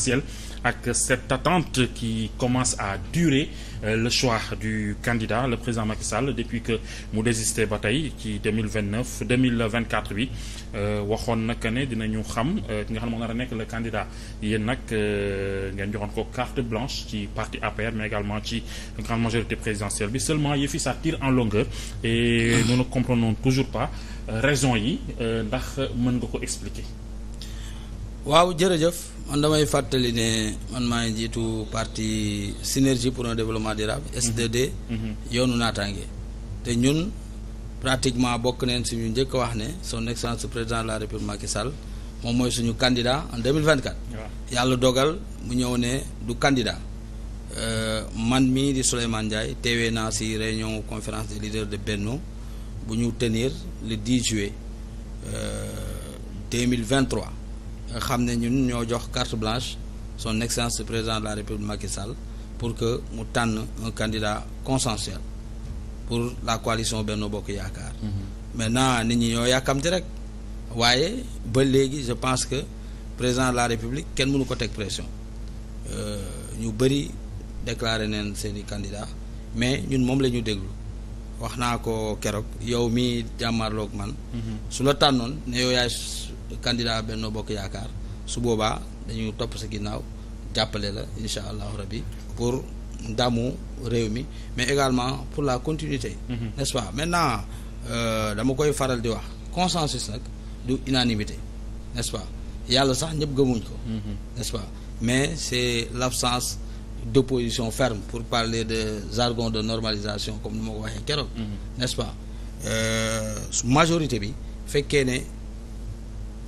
présidentielle ak cette attente qui commence à durer euh, le choix du candidat le président Macky Sall depuis que mu désisté ba tey ci 2029 2024 bi waxoon na que dina ñu xam euh, ki nga xam ne moo nar a nekk le candidat yéen nag euh, ngeen joxoon ko carte blanche ci parti APR mais également ci grande majorité présidentielle bi seulement yëfi ça tire en longueur et nous ne comprenons toujours pas euh, raison yi ndax mën nga ko expliquer waaw jërëjëf man damay fàttali ne man maa ngi parti synergie pour un développement durable mhm. S2D mhm. yoonu naataange te ñun pratiquement bokk neen suñu njëkk wax ne son excellence président de la république Macky sal moom mooy suñu candidat en 2024 yàlla dogal mu ñëw ne du candidat euh, man mii di Souleymane Ndiaye teewee naa si réunion conférence des leaders de Benno bu ñu tenir le 10 juillet 2023 euh, xam ne ñun ñoo jox carte blanche son excellence président de la république Macky Sall pour que mu tànn un candidat consensuel pour la coalition Benno Bokk Yaakaar. mais mhm. maintenant nit ñi ñoo yàkkamti rek waaye ba léegi je pense que président de la république kenn mënu ko teg pression euh, ñu bëri déclaré neen seeni candidat mais ñun moom la ñu déglu wax naa ko keroog yow mii jàmmaarloog man. Mhm. su la tànnoon ne yow yaay. candidat Benno Bokk Yaakaar su boobaa dañu topp sa ginnaaw jàppale la incha allahu rabbi pour ndamu réew mi mais également pour la continuité mm -hmm. nest dama koy faral di wax consensus nag du unanimité yàlla sax ñëpp gëmuñ ko mhm. n'est-ce pas mais c'est l'absence d'opposition ferme pour parler de jargon de normalisation comme ni ma ko waxee keroog mhm. n'est-ce euh, majorité bi fekkee ne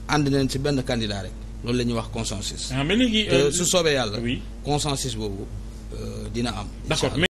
ànd nañ ci benn candidat rek loolu la ñuy wax consensus. ah mais léegi euh, su soobee yàlla. consensus boobu euh, dina am.